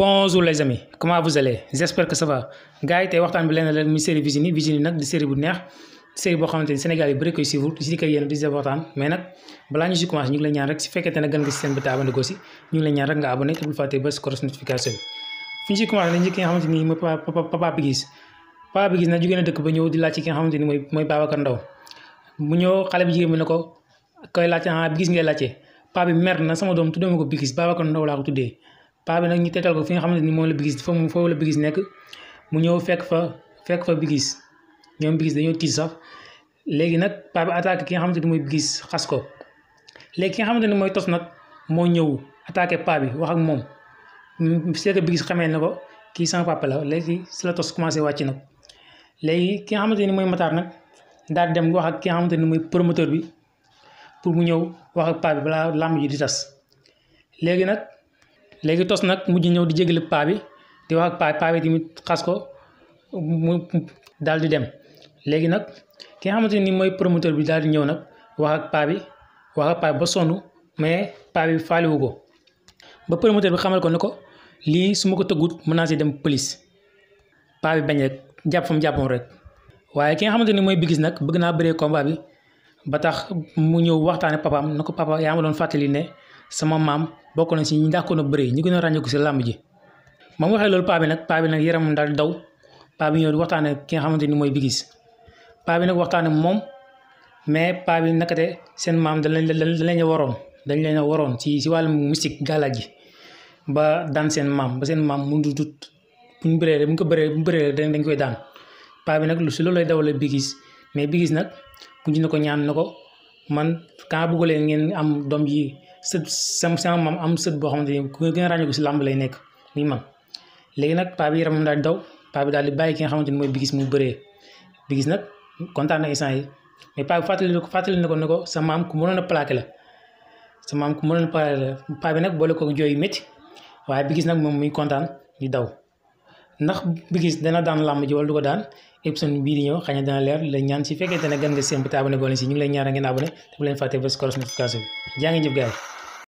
bonjour les amis comment vous allez j'espère que ça va yi tey waxtaan bi lenn la muy série Virginie Virginie nag di série bu neex série boo xamante ni Sénégal yi bëri koy suivre si di koy yéen bi te abonné ko si di laaj ci xamante ni mooy mooy Ndaw mu ñëw xale bi jigéen bi ne ko koy laajte ah bi gis ngay laajte papa bi mer na sama doom tuddee ma ko bi gis Ndaw laa ko tuddee paa bi nag ñu teetal ko fi nga xamante ni moom la Bigis fa foofu la Bigis nekk mu ñëw fekk fa fekk fa Bigis ñoom Bigis dañoo tiit sax léegi nag paa bi ki nga xamante ni mooy Bigis xas ko léegi ki nga xamante ni mooy tos nag moo ñëw attaqué paa bi wax ak moom mm, c'est que Bigis xamee na ko kii sama papa la léegi si la tos commencé wàcc nag léegi ki nga xamante ni mooy Matar nag daal dem wax ak ki nga xamante ni mooy promoteur bi pour mu ñëw wax ak paa bi balaa làmb ji di tas léegi nag. léegi tos nag mujj ñëw di jégalu paa bi di wax ak paa paa bi tamit xas ko mu daal di dem léegi nag ki nga xamante ni mooy promoteur bi daal di ñëw nag wax ak paa bi wax ak paa bi ba sonn mais paa bi faalewu ko ba promoteur bi xamal ko ne ko lii su ma ko tëggut mën naa si dem police paa bi bañ rek jàpp fa mu jàppoon rek waaye ki nga xamante ni mooy bi gis nag bëgg naa bare combat bi ba tax mu ñëw waxtaane papaam na ko papa yaa ma doon fàttali ne sama maam bokk na si ñi dàqoon a bëre ñi gën a ràññeeku si làmb ji ma waxee loolu paa bi nag paa bi nag yaramam daal daw paa bi ñëw waxtaane ki xamante ni mooy Big Gis paa bi nag waxtaane moom mais paa bi nakate seen maam dañ leen dañ leen waroon dañ leen a waroon si si wàllum mystique gàllaaj ji ba daan seen maam ba seen maam mu du tut buñ bëree buñ ko bëree buñ bëree dañ koy daan paa bi nag lu si loolu lay dawalee Big Gis mais Big Gis nag mujj na ko ñaan na ko man kaa bëgg leen ngeen am doom ji sët sama sama maam am sët boo xamante ni ku gën a ràññee ko si làmb lay nekk muy man léegi nag paa bi yaramam daal daw paa bi daal di bàyyi ki nga xamante ni mooy yi mais paa bi fàttali ko fàttali na ko ne ko sa maam ku mënoon a la sa maam ku a plaqué la paa bi nag boole ko jooy moom muy kontaan di daw ndax bigis dana daan làmb ji wala du ko daan épisode bii di ñëw dana leer la ñaan si fekkee dana gën nga seen bu taabane boole si ñu ngi leen ñaara ngeen abonné te bu leen fàtte bés koros notification bi jaa ngi jëf gars yi